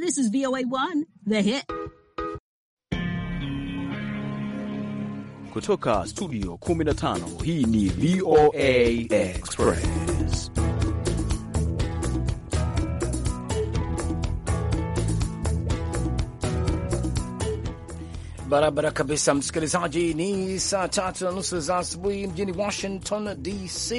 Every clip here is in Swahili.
This is VOA1, The Hit. Kutoka studio 15, hii ni VOA Express. barabara kabisa, msikilizaji. Ni saa tatu na nusu za asubuhi mjini Washington DC,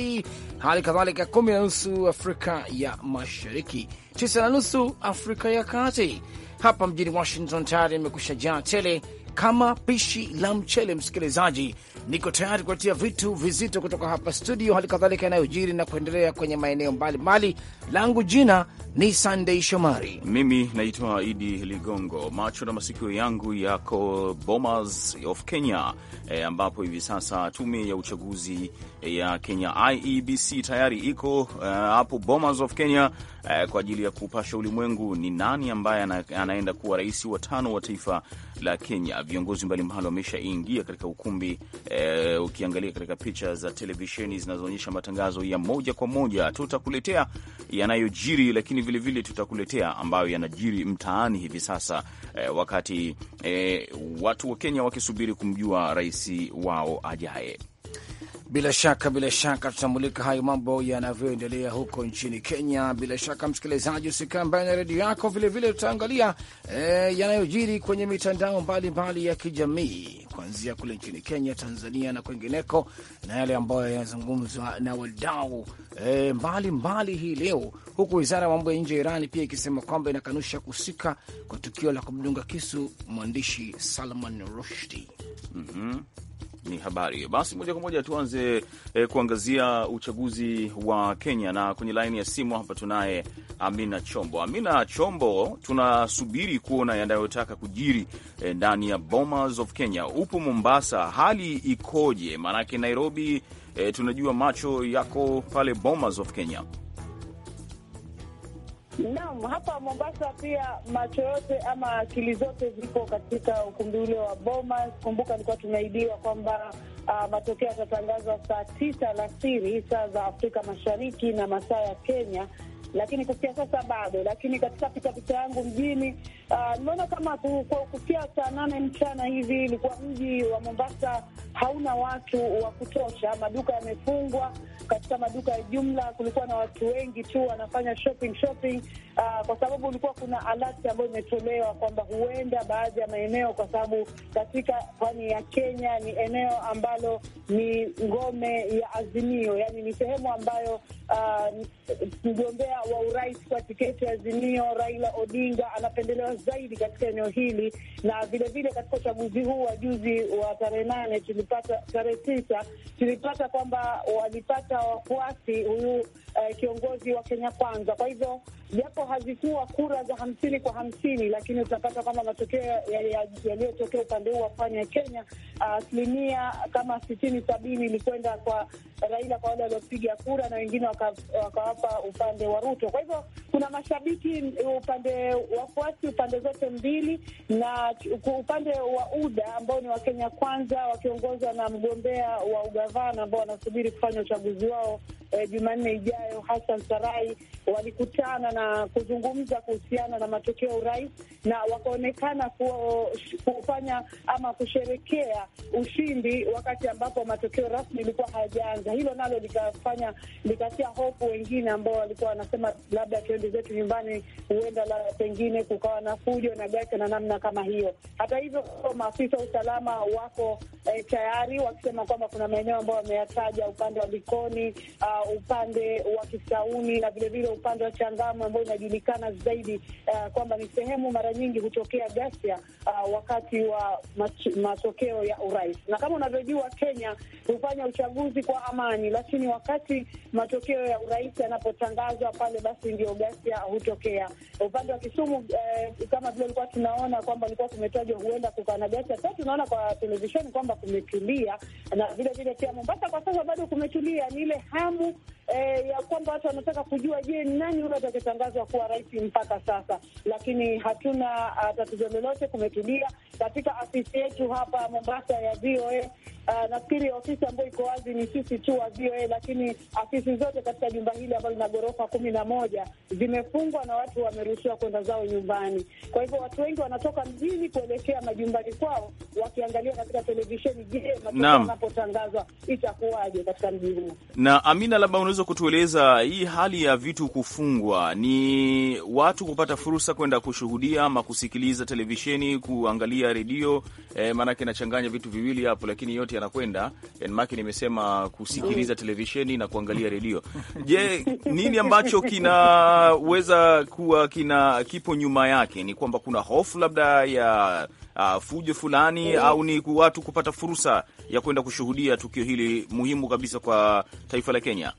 hali kadhalika kumi na nusu Afrika ya Mashariki, tisa na nusu Afrika ya Kati. Hapa mjini Washington tayari imekusha jaa tele kama pishi la mchele. Msikilizaji, niko tayari kuatia vitu vizito kutoka hapa studio, hali kadhalika yanayojiri na kuendelea kwenye maeneo mbalimbali. Langu jina ni sandei Shomari, mimi naitwa Idi Ligongo. Macho na masikio yangu yako Bomas of Kenya, e, ambapo hivi sasa tume ya uchaguzi ya Kenya IEBC tayari iko e, hapo uh, Bomas of Kenya uh, kwa ajili ya kupasha ulimwengu ni nani ambaye ana, anaenda kuwa rais wa tano wa taifa la Kenya viongozi mbalimbali wameshaingia katika ukumbi e, ukiangalia katika picha za televisheni zinazoonyesha matangazo ya moja kwa moja, tutakuletea yanayojiri, lakini vilevile vile tutakuletea ambayo yanajiri mtaani hivi sasa e, wakati e, watu wa Kenya wakisubiri kumjua rais wao ajaye. Bila shaka bila shaka tutamulika hayo mambo yanavyoendelea huko nchini Kenya. Bila shaka, msikilizaji, usikaa mbali na redio yako. Vilevile tutaangalia eh, yanayojiri kwenye mitandao mbalimbali mbali ya kijamii, kuanzia kule nchini Kenya, Tanzania na kwengineko, na yale ambayo yanazungumzwa na wadau eh, mbalimbali hii leo, huku wizara ya mambo ya nje ya Irani pia ikisema kwamba inakanusha kuhusika kwa tukio la kumdunga kisu mwandishi Salman Rushdie. mm -hmm ni habari. Basi moja kwa moja tuanze eh, kuangazia uchaguzi wa Kenya, na kwenye laini ya simu hapa tunaye Amina Chombo. Amina Chombo, tunasubiri kuona yanayotaka kujiri eh, ndani ya Bomas of Kenya. Upo Mombasa, hali ikoje? Maanake Nairobi eh, tunajua macho yako pale Bomas of Kenya. Naam, hapa Mombasa pia macho yote ama akili zote ziko katika ukumbi ule wa boma Kumbuka nilikuwa tumeahidiwa kwamba uh, matokeo yatatangazwa saa tisa alasiri saa za Afrika Mashariki na masaa ya Kenya lakini kufikia sasa bado. Lakini katika pitapita yangu mjini niliona uh, kama kufikia saa nane mchana hivi ilikuwa mji wa Mombasa hauna watu wa kutosha, maduka yamefungwa. Katika maduka ya jumla kulikuwa na watu wengi tu wanafanya shopping shopping, uh, kwa sababu ulikuwa kuna alert ambayo imetolewa kwamba huenda baadhi ya maeneo, kwa sababu katika pwani ya Kenya ni eneo ambalo ni ngome ya Azimio, yani ni sehemu ambayo Uh, mgombea uh, wa urais kwa tiketi ya Azimio Raila Odinga anapendelewa zaidi katika eneo hili, na vilevile katika uchaguzi huu wa juzi wa tarehe nane tulipata tarehe tisa tulipata kwamba walipata wafuasi huyu uh, kiongozi wa Kenya Kwanza. Kwa hivyo japo hazikuwa kura za hamsini kwa hamsini, lakini tunapata kwamba matokeo yaliyotokea ya upande huu wa pwani ya Kenya, eh, asilimia uh, kama sitini sabini ilikwenda kwa Raila kwa wale waliopiga kura na wengine wakawapa waka upande wa Ruto. Kwa hivyo kuna mashabiki upande wafuasi upande zote mbili, na upande wa UDA ambao ni wakenya Kwanza wakiongozwa na mgombea wa ugavana ambao wanasubiri kufanya uchaguzi wao eh, Jumanne ijayo Jayo Hassan Sarai walikutana na kuzungumza kuhusiana na matokeo ya urais na wakaonekana kufanya ama kusherekea ushindi wakati ambapo matokeo rasmi ilikuwa hayajaanza. Hilo nalo likafanya likatia hofu wengine ambao walikuwa wanasema labda tuende zetu nyumbani, huenda la pengine kukawa na fujo na ghasia na namna kama hiyo. Hata hivyo, maafisa wa usalama wako eh, tayari wakisema kwamba kuna maeneo ambayo wameyataja upande wa Likoni, uh, upande wa Kisauni na vilevile upande wa Changamwe ambayo inajulikana zaidi uh, kwamba ni sehemu mara nyingi hutokea ghasia uh, wakati wa matokeo ya urais, na kama unavyojua Kenya hufanya uchaguzi kwa amani, lakini wakati matokeo ya urais yanapotangazwa pale, basi ndio ghasia hutokea. Upande wa Kisumu eh, kama vile ulikuwa tunaona kwamba ulikuwa kumetajwa huenda kukawa na ghasia. Sasa tunaona kwa televisheni kwamba kumetulia, na vilevile pia Mombasa kwa sasa bado kumetulia. Ni ile hamu eh, ya kwamba watu wanataka kujua, je, nani huyo atakayetangazwa kuwa rais mpaka sasa? Lakini hatuna ah, tatizo lolote, kumetulia katika afisi yetu hapa Mombasa ya VOA. Uh, nafikiri ofisi ambayo iko wazi ni sisi tu wa VOA, lakini afisi zote katika jumba hili ambalo lina ghorofa kumi na moja zimefungwa na watu wameruhusiwa kwenda zao nyumbani. Kwa hivyo watu wengi wanatoka mjini kuelekea majumbani kwao, wakiangalia katika televisheni, je, matokeo yanapotangazwa itakuwaje katika mji huu? Na Amina, labda unaweza kutueleza hii hali ya vitu kufungwa, ni watu kupata fursa kwenda kushuhudia ama kusikiliza televisheni, kuangalia redio? Eh, maanake nachanganya vitu viwili hapo, lakini yote wakati anakwenda, yanmaki nimesema kusikiliza mm. televisheni na kuangalia redio. Je, nini ambacho kinaweza kuwa kina kipo nyuma yake? Ni kwamba kuna hofu labda ya uh, fujo fulani mm, au ni watu kupata fursa ya kwenda kushuhudia tukio hili muhimu kabisa kwa taifa la Kenya?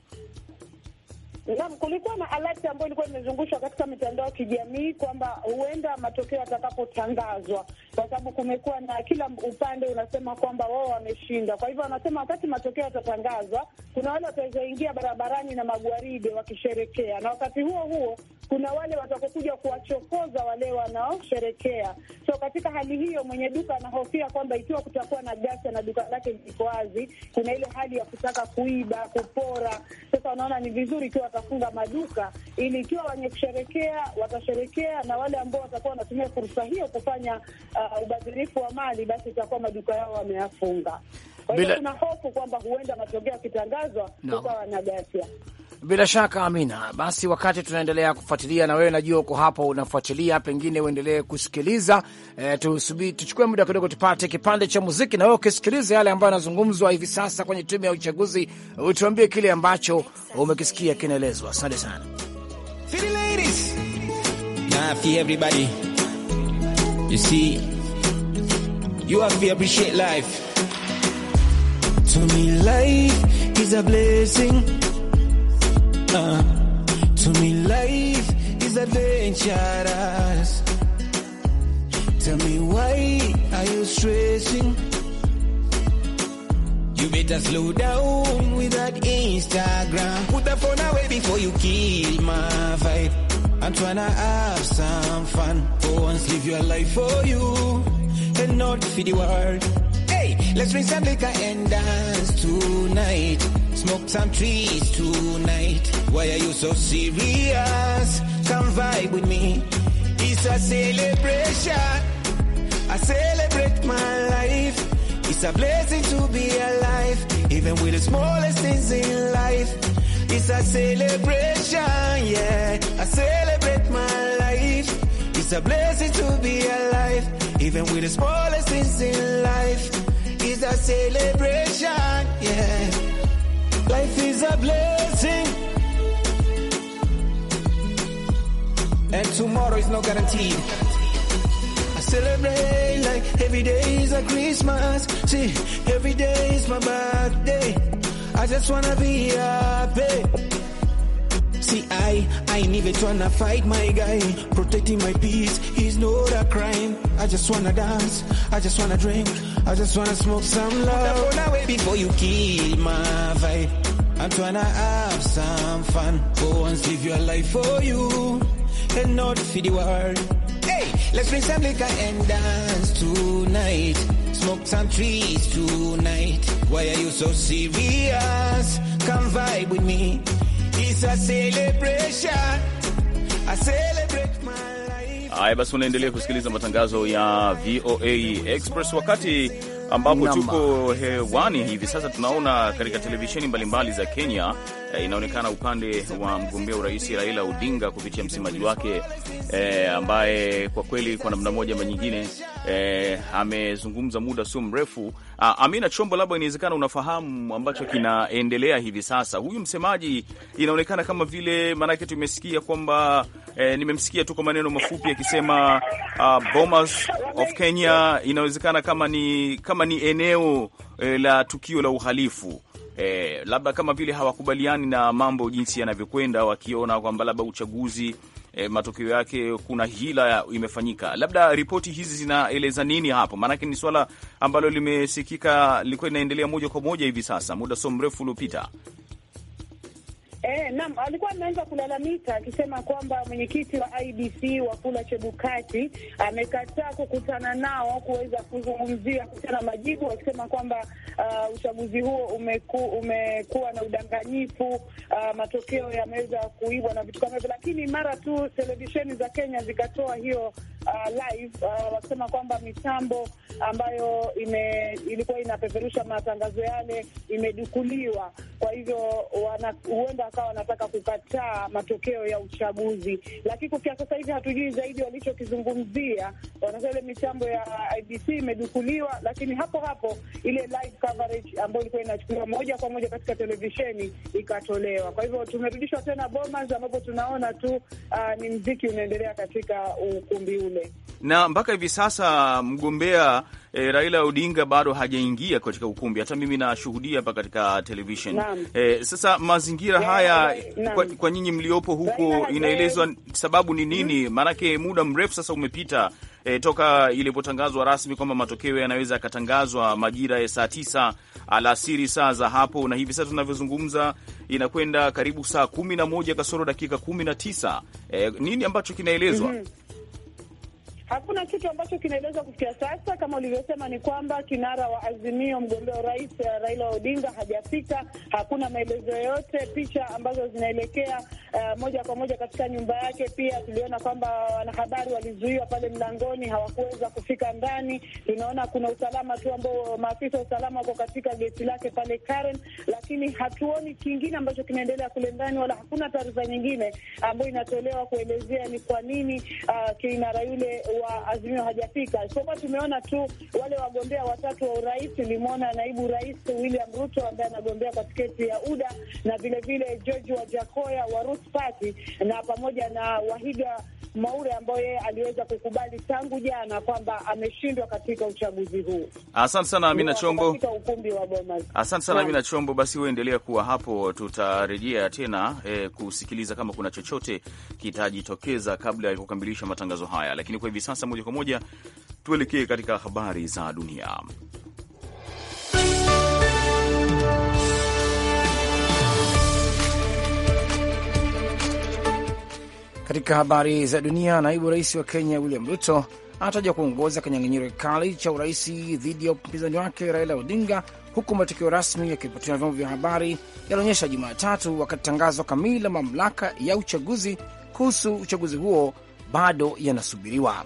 Naam, kulikuwa na alert ambayo ilikuwa imezungushwa katika mitandao ya kijamii kwamba huenda matokeo yatakapotangazwa, kwa sababu kumekuwa na kila upande unasema kwamba wao wameshinda. Kwa hivyo wanasema wakati matokeo yatatangazwa, kuna wale watawezaingia barabarani na magwaride wakisherekea, na wakati huo huo kuna wale watakokuja kuwachokoza wale wanaosherekea. So katika hali hiyo, mwenye duka anahofia kwamba ikiwa kutakuwa na ghasia na duka lake liko wazi, kuna ile hali ya kutaka kuiba, kupora. Sasa wanaona ni vizuri ikiwa watafunga maduka, ili ikiwa wenye kusherekea watasherekea, na wale ambao watakuwa wanatumia fursa hiyo kufanya uh, ubadhirifu wa mali, basi itakuwa maduka yao wameyafunga bila... kuna hofu kwamba huenda matokeo yakitangazwa kukawa na ghasia. Bila shaka Amina, basi wakati tunaendelea kufuatilia, na wewe najua uko hapo unafuatilia, pengine uendelee kusikiliza. E, eh, tusubiri tuchukue muda kidogo, tupate kipande cha muziki, na wewe ukisikiliza yale ambayo yanazungumzwa hivi sasa kwenye tume ya uchaguzi, utuambie kile ambacho umekisikia kinaelezwa. Asante sana. You see, you have to appreciate life. To me, life is a blessing. Uh, to me, life is adventurous. Tell me, why are you stressing? You better slow down with that Instagram. Put the phone away before you kill my vibe. I'm trying to have some fun. For once, live your life for you and not for the world. Let's drink some liquor and dance tonight. Smoke some trees tonight. Why are you so serious? Come vibe with me. It's a celebration. I celebrate my life. It's a blessing to be alive. Even with the smallest things in life. It's a celebration, yeah. I celebrate my life. It's a blessing to be alive. Even with the smallest things in life is a celebration, yeah. Life is a blessing. And tomorrow is not guaranteed. I celebrate like every day is a Christmas. See, every day is my birthday. I just wanna be happy. See, I, I ain't even tryna fight my guy. Protecting my peace is not a crime. I just wanna dance, I just wanna drink, I just wanna smoke some love. Put away before you kill my vibe. I'm tryna have some fun. Go and live your life for you, and not for the world. Hey, let's drink some liquor and dance tonight. Smoke some trees tonight. Why are you so serious? Come vibe with me. Haya basi, unaendelea kusikiliza matangazo ya VOA Express wakati ambapo tuko hewani hivi sasa. Tunaona katika televisheni mbalimbali za Kenya, eh, inaonekana upande wa mgombea urais Raila Odinga kupitia msemaji wake e, ambaye kwa kweli kwa namna moja ama nyingine e, amezungumza muda sio mrefu. Ah, Amina Chombo, labda inawezekana unafahamu ambacho kinaendelea hivi sasa. Huyu msemaji inaonekana kama vile, maanake tumesikia kwamba e, nimemsikia tu kwa maneno mafupi akisema uh, Bomas of Kenya inawezekana kama ni, kama ni eneo e, la tukio la uhalifu e, labda kama vile hawakubaliani na mambo jinsi yanavyokwenda, wakiona kwamba labda uchaguzi e, matokeo yake kuna hila imefanyika. Labda ripoti hizi zinaeleza nini hapo? Maanake ni swala ambalo limesikika, lilikuwa linaendelea moja kwa moja hivi sasa, muda so mrefu uliopita. Eh, naam, alikuwa ameanza kulalamika akisema kwamba mwenyekiti wa IBC Wafula Chebukati amekataa kukutana nao kuweza kuzungumzia kuhusiana majibu, akisema kwamba uh, uchaguzi huo umeku, umekuwa na udanganyifu uh, matokeo yameweza kuibwa na vitu kama hivyo, lakini mara tu televisheni za Kenya zikatoa hiyo uh, live uh, wakisema kwamba mitambo ambayo ime, ilikuwa inapeperusha matangazo yale imedukuliwa, kwa hivyo huenda wakawa wanataka kukataa matokeo ya uchaguzi, lakini kufikia sasa hivi hatujui zaidi walichokizungumzia. Wanasema ile mitambo ya IBC imedukuliwa, lakini hapo hapo ile live coverage ambayo ilikuwa inachukuliwa moja kwa moja katika televisheni ikatolewa. Kwa hivyo tumerudishwa tena Bomas, ambapo tunaona tu uh, ni mziki unaendelea katika ukumbi ule, na mpaka hivi sasa mgombea e, Raila Odinga bado hajaingia katika ukumbi, hata mimi nashuhudia hapa katika television e, sasa mazingira yeah, haya kwa, kwa nyinyi mliopo huko inaelezwa sababu ni hmm? nini? Maanake muda mrefu sasa umepita e, toka ilipotangazwa rasmi kwamba matokeo yanaweza yakatangazwa majira ya saa tisa alasiri saa za hapo, na hivi sasa tunavyozungumza inakwenda karibu saa kumi na moja kasoro dakika kumi na tisa. E, nini ambacho kinaelezwa? mm -hmm. Hakuna kitu ambacho kinaelezwa kufikia sasa. Kama ulivyosema, ni kwamba kinara wa Azimio, mgombea urais eh, Raila Odinga hajafika. Hakuna maelezo yoyote, picha ambazo zinaelekea uh, moja kwa moja katika nyumba yake. Pia tuliona kwamba wanahabari walizuiwa pale mlangoni, hawakuweza kufika ndani. Tunaona kuna usalama tu ambao maafisa wa usalama wako katika geti lake pale Karen, lakini hatuoni kingine ambacho kinaendelea kule ndani, wala hakuna taarifa nyingine ambayo inatolewa kuelezea ni kwa nini uh, kinara yule wa Azimio hajafika, isipokuwa tumeona tu wale wagombea watatu wa urais. Ulimwona naibu rais William Ruto ambaye anagombea kwa tiketi ya UDA na vilevile George Wajakoya wa Roots Party na pamoja na Wahiga Mwaure ambaye aliweza kukubali tangu jana kwamba ameshindwa katika uchaguzi huu. Asante sana Amina Chombo, ukumbi wa Bomas. Asante sana Amina Chombo, basi huendelea kuwa hapo, tutarejea tena eh, kusikiliza kama kuna chochote kitajitokeza kabla ya kukamilisha matangazo haya, lakini kwa hivi sasa moja kwa moja tuelekee katika habari za dunia. Katika habari za dunia, naibu rais wa Kenya William Ruto anatajwa kuongoza kinyang'anyiro kikali cha urais dhidi ya mpinzani wake Raila Odinga, huku matokeo rasmi yakiripotiwa na vyombo vya habari yalionyesha Jumatatu, wakati tangazo kamili la mamlaka ya uchaguzi kuhusu uchaguzi huo bado yanasubiriwa.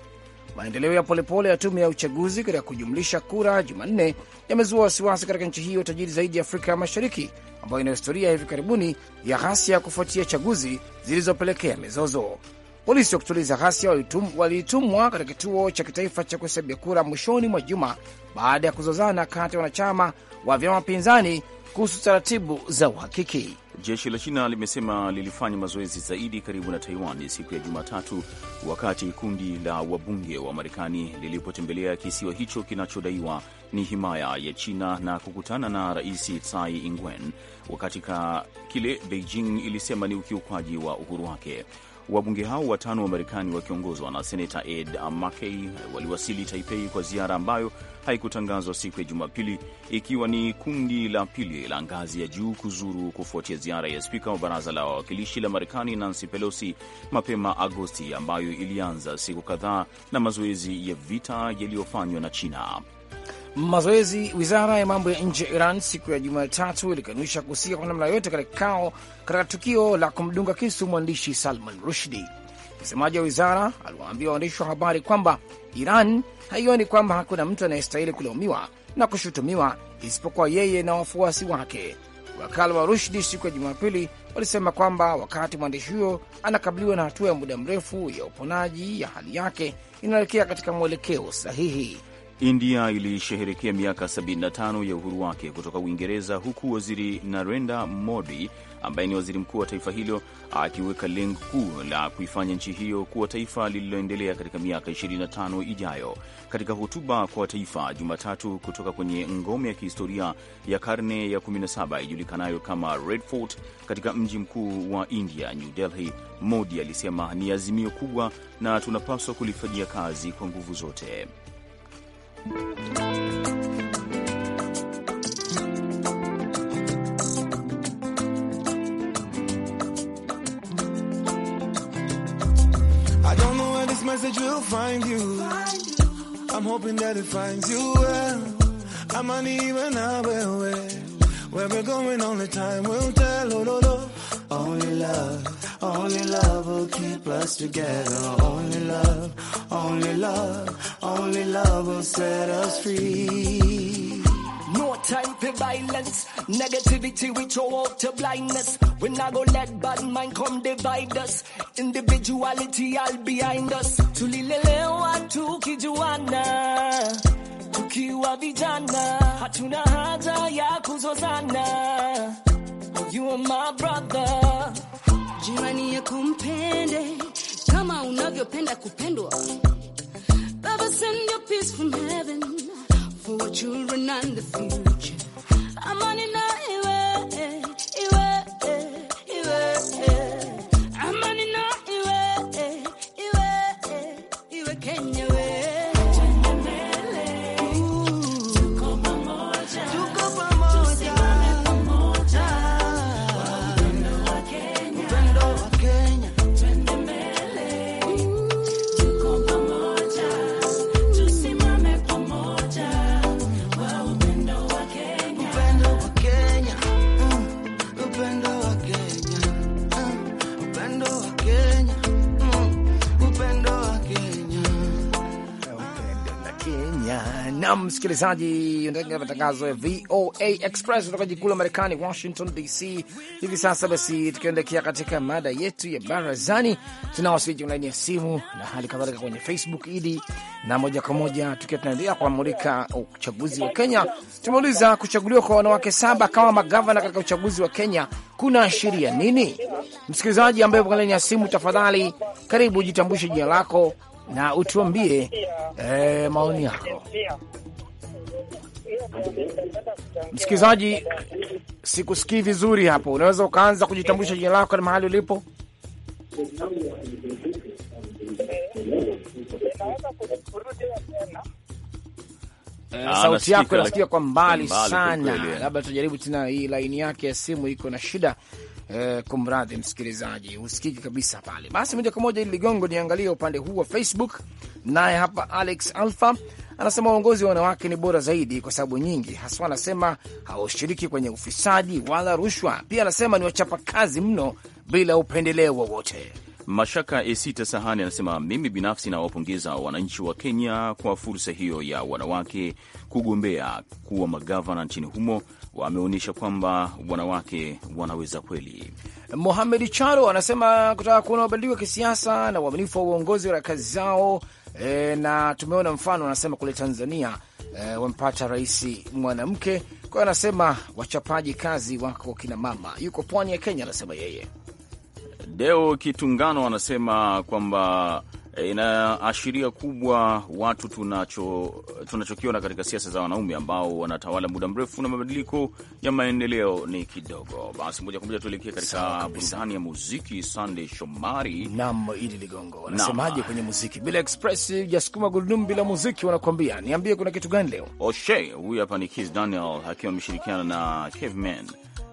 Maendeleo ya polepole ya tume ya uchaguzi katika kujumlisha kura Jumanne yamezua wasiwasi katika nchi hiyo tajiri zaidi ya Afrika ya Mashariki, ambayo ina historia ya hivi karibuni ya ghasia kufuatia chaguzi zilizopelekea mizozo. Polisi wa kutuliza ghasia waliitumwa katika kituo cha kitaifa cha kuhesabia kura mwishoni mwa juma baada ya kuzozana kati ya wanachama wa vyama pinzani kuhusu taratibu za uhakiki. Jeshi la China limesema lilifanya mazoezi zaidi karibu na Taiwan siku ya Jumatatu, wakati kundi la wabunge wa Marekani lilipotembelea kisiwa hicho kinachodaiwa ni himaya ya China na kukutana na Rais Tsai Ingwen wakati kile Beijing ilisema ni ukiukwaji wa uhuru wake. Wabunge hao watano wa Marekani wakiongozwa na senata Ed Markey waliwasili Taipei kwa ziara ambayo haikutangazwa siku ya Jumapili, ikiwa ni kundi la pili la ngazi ya juu kuzuru kufuatia ziara ya spika wa baraza la wawakilishi la Marekani Nancy Pelosi mapema Agosti, ambayo ilianza siku kadhaa na mazoezi ya vita yaliyofanywa na China. Mazoezi. Wizara ya mambo ya nje ya Iran siku ya Jumatatu ilikanusha kuhusika kwa namna yoyote katika kikao katika tukio la kumdunga kisu mwandishi Salman Rushdi. Msemaji wa wizara aliwaambia waandishi wa habari kwamba Iran haioni kwamba hakuna mtu anayestahili kulaumiwa na kushutumiwa isipokuwa yeye na wafuasi wake. Wakala wa Rushdi siku ya Jumapili walisema kwamba wakati mwandishi huyo anakabiliwa na hatua ya muda mrefu ya uponaji ya hali yake inaelekea katika mwelekeo sahihi. India ilisherehekea miaka 75 ya uhuru wake kutoka Uingereza, huku waziri Narendra Modi ambaye ni waziri mkuu wa taifa hilo akiweka lengo kuu la kuifanya nchi hiyo kuwa taifa lililoendelea katika miaka 25 ijayo. Katika hotuba kwa taifa Jumatatu kutoka kwenye ngome ya kihistoria ya karne ya 17 ijulikanayo kama Red Fort katika mji mkuu wa India, New Delhi, Modi alisema ni azimio kubwa na tunapaswa kulifanyia kazi kwa nguvu zote. I don't know where this message will find you. I'm hoping that it finds you well. I'm uneven, I will wait. Where we're going, only time will tell. Oh, no, no. Only love, only love will keep us together. Only love, only love, only love will set us free. No time for violence, negativity we throw out to blindness. We not go let bad mind come divide us. Individuality all behind us. Tulilelewa tukijuana, tukiwa vijana, hatuna haja ya kuzozana. You are my brother. Jirani ya mpende kama unavyopenda kupendwa send your peace from heaven for children and the future. I'm on an island. msikilizaji, ndani matangazo ya VOA Express kutoka jikuu la Marekani, Washington DC. Hivi sasa basi, tukiendekea katika mada yetu ya barazani, tunawasiliana online ya simu na hali kadhalika kwenye Facebook idi na moja kwa moja, tukiwa tunaendelea kuamulika uchaguzi wa Kenya. Tumeuliza, kuchaguliwa kwa wanawake saba kama magavana katika uchaguzi wa Kenya kuna ashiria nini? Msikilizaji ambaye uko ndani ya simu, tafadhali karibu, jitambulishe jina lako na utuambie eh, maoni yako. Msikilizaji, sikusikii vizuri hapo, unaweza ukaanza kujitambulisha jina lako na mahali ulipo? Eh, ah, sauti yako inasikia kwa mbali sana, labda tujaribu tena. Hii laini yake ya simu iko na shida, eh, kumradhi msikilizaji, usikiki kabisa pale. Basi moja kwa moja ili ligongo, niangalie upande huu wa Facebook. Naye hapa Alex Alpha anasema uongozi wa wanawake ni bora zaidi kwa sababu nyingi, haswa anasema hawashiriki kwenye ufisadi wala rushwa. Pia anasema ni wachapakazi mno bila upendeleo wowote. Mashaka Esita Sahani anasema mimi binafsi nawapongeza wananchi wa Kenya kwa fursa hiyo ya wanawake kugombea kuwa magavana nchini humo wameonyesha kwamba wanawake wanaweza kweli. Mohamed Charo anasema kutaka kuona mabadiliko ya kisiasa na uaminifu wa uongozi wa kazi zao. E, na tumeona mfano anasema kule Tanzania e, wamepata rais mwanamke. Kwa hiyo anasema wachapaji kazi wako kina mama. Yuko pwani ya Kenya, anasema yeye. Deo Kitungano anasema kwamba E, inaashiria kubwa watu tunacho tunachokiona katika siasa za wanaume ambao wanatawala muda mrefu na mabadiliko ya maendeleo ni kidogo. Basi moja kwa moja tuelekee katika burudani ya muziki. Sande Shomari nam Idi Ligongo wanasemaje kwenye muziki? Bila express jasukuma gurudumu bila muziki, wanakuambia niambie, kuna kitu gani leo? Oshe huyu hapa ni Kis Daniel akiwa ameshirikiana na Caveman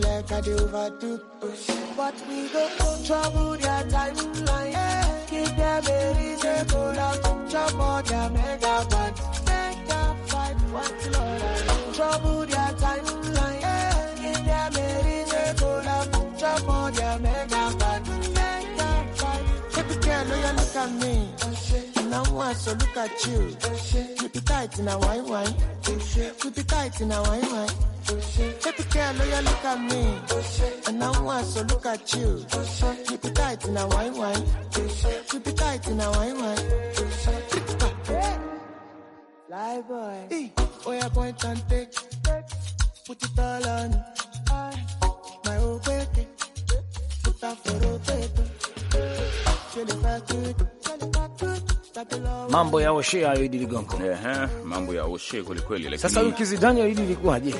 feel like I do But we go trouble their timeline. Yeah. Give them a reason to love. Chop all their mega fight. Mega fight. What's Trouble their timeline. unaamua, so look luka chill, keep tight in na why wai, keep tight in a why why. wai. Take care, yeah, look at me. I Unaamua, so look luka chill, keep tight in na why wai, keep tight in na why. wai. Live boy, hey. oh yeah, point and take, put it all on. My old baby, put that for a paper. Should have mambo ya oshe hayo, Idi Ligongo. Ehe, mambo ya oshe kweli lakini sasa wiki zidani Idi ilikuwaje?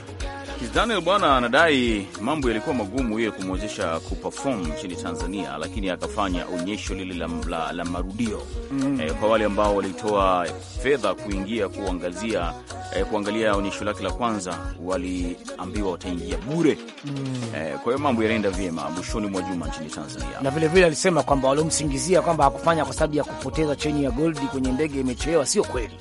Daniel bwana anadai mambo yalikuwa magumu yeye kumwezesha kuperform nchini Tanzania, lakini akafanya onyesho lile la, la, la marudio mm. E, kwa wale ambao walitoa fedha kuingia kuangazia e, kuangalia onyesho lake la kwanza waliambiwa wataingia bure mm. E, kwa hiyo mambo yanaenda vyema mwishoni mwa juma nchini Tanzania, na vilevile alisema kwamba waliomsingizia kwamba hakufanya kwa sababu ya kupoteza cheni ya goldi kwenye ndege imechelewa, sio kweli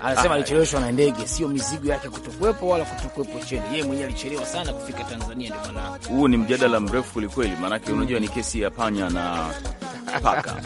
anasema ah, alicheleweshwa na ndege, sio mizigo yake kutokuwepo wala kutokuwepo cheni. Yeye mwenyewe alichelewa sana kufika Tanzania, ndio maana huu ni mjadala mrefu kwelikweli, maanake unajua ni kesi ya panya na paka.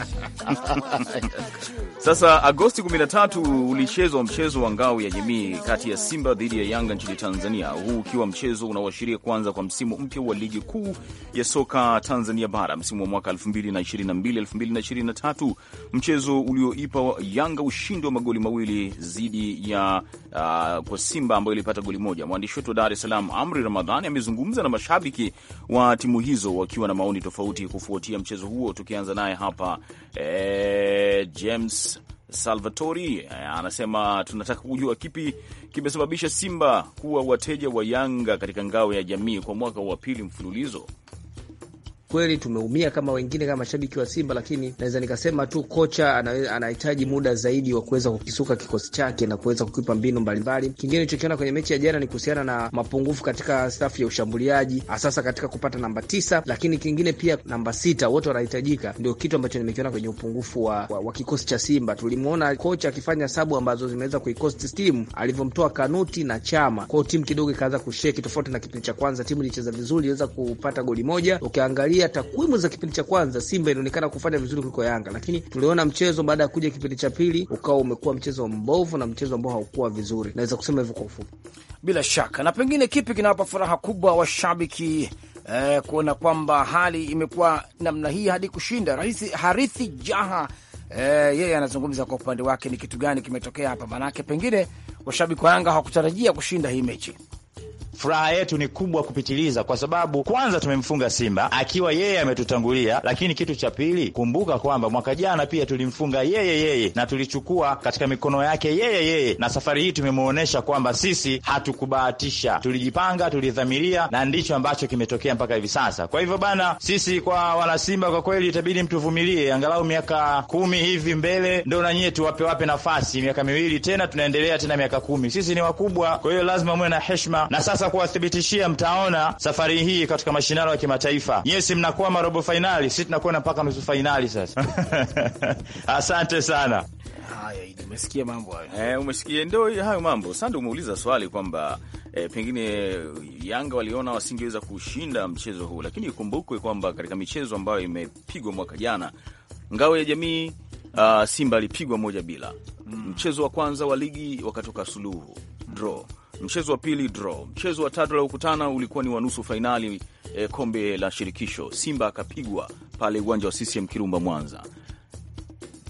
Sasa Agosti 13 ulichezwa mchezo wa ngao ya jamii kati ya Simba dhidi ya Yanga nchini Tanzania, huu ukiwa mchezo unaoashiria kuanza kwa msimu mpya wa ligi kuu ya soka Tanzania Bara, msimu wa mwaka 2022 2023, mchezo ulioipa Yanga ushindi wa magoli mawili dhidi ya uh, kwa Simba ambayo ilipata goli moja. Mwandishi wetu wa Dar es Salaam Amri Ramadhani amezungumza na mashabiki wa timu hizo wakiwa na maoni tofauti kufuatia mchezo huo, tukianza naye hapa eh, James Salvatori eh, anasema tunataka kujua kipi kimesababisha Simba kuwa wateja wa Yanga katika ngao ya jamii kwa mwaka wa pili mfululizo. Kweli tumeumia kama wengine, kama mashabiki wa Simba, lakini naweza nikasema tu kocha anahitaji muda zaidi wa kuweza kukisuka kikosi chake na kuweza kukipa mbinu mbalimbali. Kingine nilichokiona kwenye mechi ya jana ni kuhusiana na mapungufu katika safu ya ushambuliaji, hasa katika kupata namba tisa, lakini kingine pia namba sita, wote wanahitajika. Ndio kitu ambacho nimekiona kwenye upungufu wa, wa, wa kikosi cha Simba. Tulimwona kocha akifanya sabu ambazo zimeweza kuikosti timu alivyomtoa Kanuti na Chama kwao, timu kidogo ikaanza kusheki, tofauti na kipindi cha kwanza timu ilicheza vizuri, iliweza kupata goli moja. Ukiangalia ukiangalia takwimu za kipindi cha kwanza, Simba ilionekana kufanya vizuri kuliko Yanga, lakini tuliona mchezo baada ya kuja kipindi cha pili ukawa umekuwa mchezo mbovu na mchezo ambao haukuwa vizuri. Naweza kusema hivyo kwa ufupi. Bila shaka, na pengine kipi kinawapa furaha kubwa washabiki eh, kuona kwamba hali imekuwa namna hii hadi kushinda? Rahisi Harithi Jaha eh, yeye yeah, anazungumza kwa upande wake, ni kitu gani kimetokea hapa? Maanake pengine washabiki wa Yanga hawakutarajia kushinda hii mechi furaha yetu ni kubwa kupitiliza, kwa sababu kwanza tumemfunga Simba akiwa yeye ametutangulia, lakini kitu cha pili, kumbuka kwamba mwaka jana pia tulimfunga yeye yeye na tulichukua katika mikono yake yeye yeye, na safari hii tumemwonyesha kwamba sisi hatukubahatisha, tulijipanga, tulidhamiria na ndicho ambacho kimetokea mpaka hivi sasa. Kwa hivyo bana, sisi kwa wanasimba kwa kweli itabidi mtuvumilie angalau miaka kumi hivi mbele, ndo na nyie tuwape wape nafasi miaka miwili tena, tunaendelea tena miaka kumi. Sisi ni wakubwa, kwa hiyo lazima muwe na heshima na sasa kuwathibitishia, mtaona safari hii katika mashindano ya kimataifa. Nyie si mnakwama robo fainali, si tunakwenda mpaka nusu fainali sasa. Asante sana. Haya, umesikia mambo hayo eh, umesikia ndo hayo mambo. Sasa umeuliza swali kwamba E, pengine Yanga waliona wasingeweza kushinda mchezo huu, lakini ikumbukwe kwamba katika michezo ambayo imepigwa mwaka jana, ngao ya jamii uh, Simba alipigwa moja bila. Mm. Mchezo wa kwanza wa ligi wakatoka suluhu draw mchezo wa pili draw. Mchezo wa tatu la kukutana ulikuwa ni wa nusu fainali e, kombe la shirikisho, Simba akapigwa pale uwanja wa CCM Kirumba Mwanza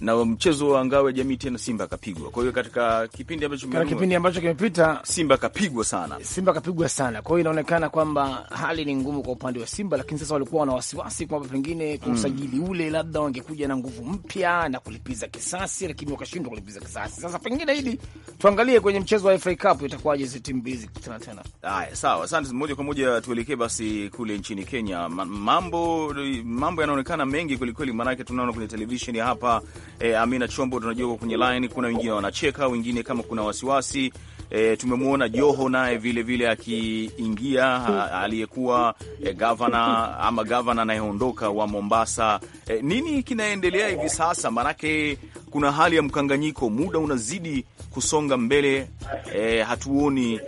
na mchezo wa ngawe jamii tena Simba akapigwa. Kwa hiyo katika kipindi ambacho kimepita, kipindi ambacho kimepita Simba akapigwa sana, Simba akapigwa sana. Kwa hiyo inaonekana kwamba hali ni ngumu kwa upande wa Simba, lakini sasa walikuwa wana wasiwasi kwamba pengine kwa mm. usajili mm. ule labda wangekuja na nguvu mpya na kulipiza kisasi, lakini wakashindwa kulipiza kisasi. Sasa pengine hili tuangalie kwenye mchezo wa FA Cup itakuwaje hizi timu mbili zikutana tena. Haya, sawa, asante. Moja kwa moja tuelekee basi kule nchini Kenya. Mambo mambo yanaonekana mengi kwelikweli, maanake tunaona kwenye televisheni hapa e, Amina Chombo, tunajua kwenye line kuna wengine wanacheka, wengine kama kuna wasiwasi e, tumemwona Joho naye vilevile akiingia, aliyekuwa e, gavana ama gavana anayeondoka wa Mombasa. E, nini kinaendelea hivi sasa? Maanake kuna hali ya mkanganyiko, muda unazidi kusonga mbele e, hatuoni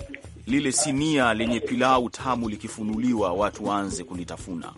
lile sinia lenye pilau tamu likifunuliwa, watu waanze kulitafuna.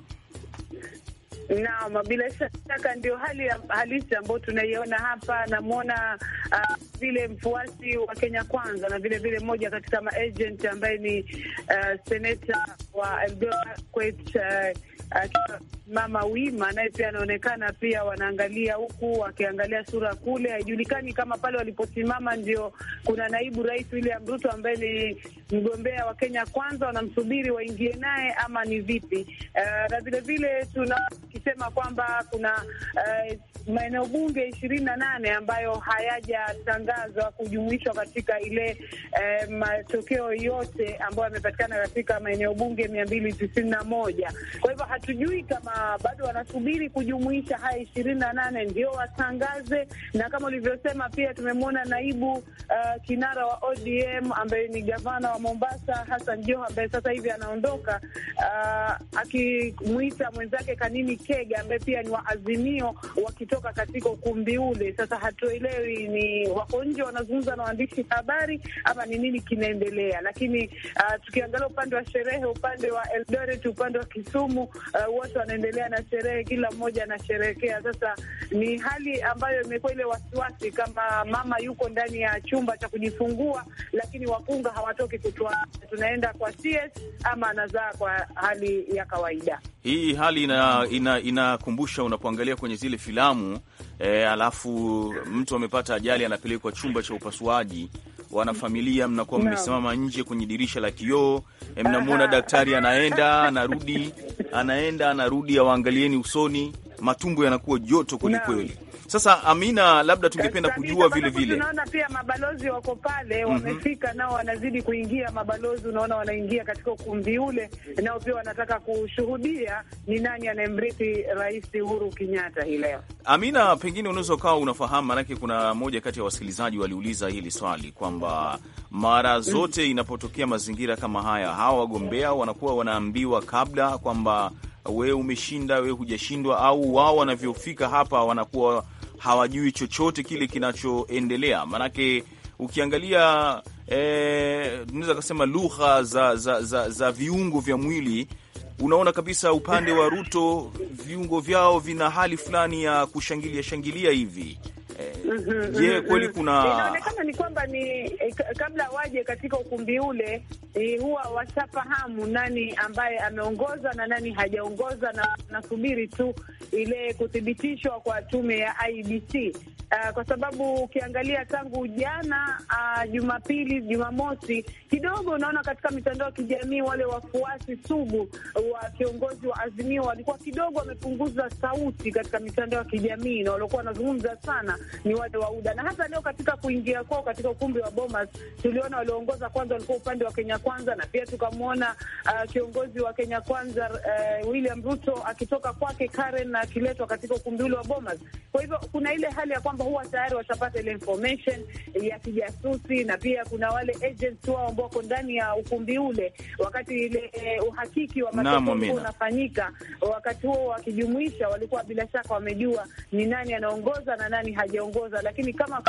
Naam, bila shaka ndio hali halisi ambayo tunaiona hapa. Namwona uh, vile mfuasi wa Kenya Kwanza na vile vile mmoja katika maagent ambaye ni uh, seneta wa Eldoret ah, akiwa mama wima naye pia anaonekana pia, wanaangalia huku wakiangalia sura kule. Haijulikani kama pale waliposimama ndio kuna naibu rais William Ruto ambaye ni mgombea wa Kenya kwanza wanamsubiri waingie naye ama ni vipi? Uh, na vilevile tunakisema kwamba kuna uh, maeneo bunge ishirini na nane ambayo hayajatangazwa kujumuishwa katika ile eh, matokeo yote ambayo yamepatikana katika maeneo bunge mia mbili tisini na moja kwa hivyo hatujui kama bado wanasubiri kujumuisha haya ishirini na nane ndio watangaze, na kama ulivyosema pia tumemwona naibu uh, kinara wa ODM ambaye ni gavana wa Mombasa Hassan Joho ambaye sasa hivi anaondoka uh, akimwita mwenzake Kanini Kega ambaye pia ni wa Azimio wakitoka katika ukumbi ule. Sasa hatuelewi ni wako nje wanazungumza na waandishi habari ama ni nini kinaendelea, lakini uh, tukiangalia upande wa sherehe, upande wa Eldoret, upande wa Kisumu uh, eh, wote wanaendelea na sherehe, kila mmoja anasherehekea. Sasa ni hali ambayo imekuwa ile wasiwasi, kama mama yuko ndani ya chumba cha kujifungua, lakini wakunga hawatoki kutoa, tunaenda kwa CS ama anazaa kwa hali ya kawaida. Hii hali inakumbusha ina, ina unapoangalia kwenye zile filamu eh, alafu mtu amepata ajali anapelekwa chumba cha upasuaji wanafamilia, mnakuwa mmesimama nje kwenye dirisha la kioo, eh, mnamwona daktari anaenda anarudi, anaenda anarudi, awaangalieni usoni, matumbo yanakuwa joto kwelikweli. Sasa Amina, labda tungependa kujua vile vile, tunaona pia mabalozi wako pale mhm. wamefika, nao wanazidi kuingia mabalozi, unaona wanaingia katika ukumbi ule, nao pia wanataka kushuhudia ni nani anayemrithi Rais Uhuru Kenyatta hii leo. Amina, pengine unaweza ukawa unafahamu, maanake kuna moja kati ya wasikilizaji waliuliza hili swali kwamba mara mm. zote inapotokea mazingira kama haya, hawa wagombea wanakuwa wanaambiwa kabla kwamba wewe umeshinda, wewe hujashindwa, au wao wanavyofika hapa wanakuwa hawajui chochote kile kinachoendelea, maanake ukiangalia eh, tunaweza e, kusema lugha za, za, za, za viungo vya mwili unaona kabisa upande wa Ruto viungo vyao vina hali fulani ya kushangilia shangilia hivi Eh, Je, eh, kweli kuna inaonekana ni kwamba ni eh, kabla waje katika ukumbi ule huwa washafahamu nani ambaye ameongoza na nani hajaongoza, na nasubiri tu ile kuthibitishwa kwa tume ya IBC. Uh, ah, kwa sababu ukiangalia tangu jana uh, Jumapili, Jumamosi kidogo unaona katika mitandao ya kijamii wale wafuasi sugu wa kiongozi wa Azimio walikuwa kidogo wamepunguza sauti katika mitandao ya kijamii na walikuwa wanazungumza sana ni wale wa UDA na hasa leo katika kuingia kwao katika ukumbi wa Bomas tuliona walioongoza kwanza walikuwa upande wa Kenya Kwanza, na pia tukamwona uh, kiongozi wa Kenya Kwanza uh, William Ruto akitoka kwake Karen na akiletwa katika ukumbi ule wa Bomas. Kwa hivyo kuna ile hali ya kwamba huwa tayari washapata ile information ya kijasusi, na pia kuna wale agents wao ambao wako ndani ya ukumbi ule, wakati ile uh, uhakiki wa matokeo unafanyika, wakati huo wakijumuisha, walikuwa bila shaka wamejua ni nani anaongoza na nani haja hajaongoza, lakini kama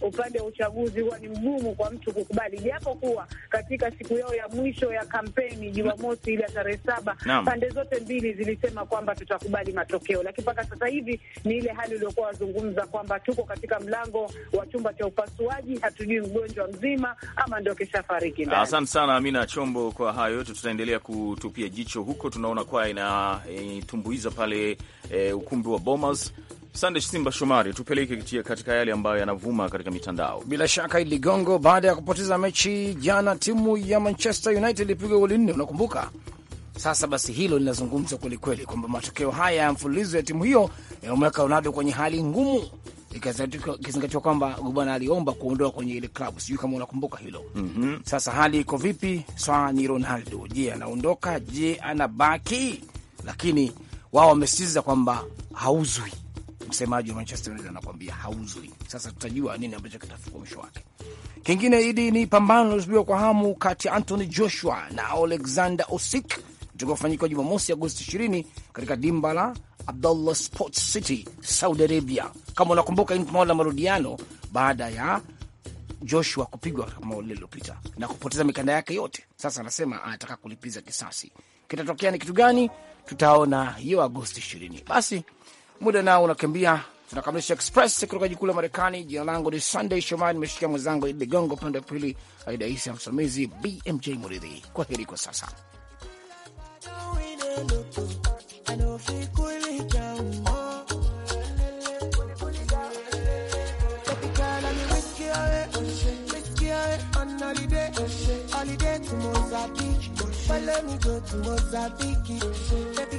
upande wa uchaguzi huwa ni mgumu kwa mtu kukubali, japo kuwa katika siku yao ya mwisho ya kampeni Jumamosi ile ya tarehe saba pande zote mbili zilisema kwamba tutakubali matokeo, lakini mpaka sasa hivi ni ile hali uliokuwa wazungumza kwamba tuko katika mlango wa chumba cha upasuaji, hatujui mgonjwa mzima ama ndio kishafariki. Asante sana Amina Chombo kwa hayo yote, tutaendelea kutupia jicho huko, tunaona kwa inatumbuiza eh, e, pale e, ukumbi wa Bomas Sande Simba Shomari, tupeleke katika yale ambayo yanavuma katika mitandao. Bila shaka Idi Ligongo, baada ya kupoteza mechi jana, timu ya Manchester United ilipigwa goli nne, unakumbuka? Sasa basi hilo linazungumza kwelikweli, kwamba matokeo haya ya mfululizo ya timu hiyo yamemweka Ronaldo kwenye hali ngumu, ikizingatiwa kwamba bwana aliomba kuondoa kwenye ile klabu. Sijui kama unakumbuka hilo. mm -hmm. Sasa hali iko vipi? Swala ni Ronaldo, je, anaondoka? Je, anabaki? Lakini wao wamesitiza kwamba hauzwi msemaji wa Manchester United anakuambia hauzwi. Sasa tutajua nini ambacho kitafika mwisho wake. Kingine idi ni pambano lilosubiriwa kwa hamu kati ya Anthony Joshua na Alexander Osik utakaofanyika Jumamosi Agosti 20 katika dimba la Abdullah Sports City, Saudi Arabia. Kama unakumbuka, tumeona la marudiano baada ya Joshua kupigwa katika maoli lililopita na kupoteza mikanda yake yote. Sasa anasema anataka kulipiza kisasi. Kitatokea ni kitu gani? Tutaona hiyo Agosti 20. Basi Muda nao unakimbia, tunakamilisha Express kutoka jikuu la Marekani. Jina langu ni Sunday Shomari, nimeshikia mwenzangu Idi Ligongo pande ya pili, Aida Isa ya msimamizi BMJ Muridhi. Kwa heri kwa sasa.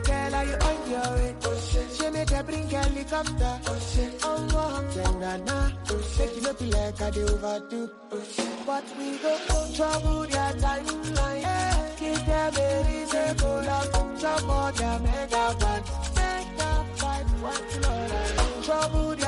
Girl, are you on your way? She made her bring helicopter. Oh, oh, Tengana. Make you look like I did overdo. But we go trouble their timeline. Yeah. Give them a reason to love. Trouble their mega vibe. Mega vibe. What's not? Trouble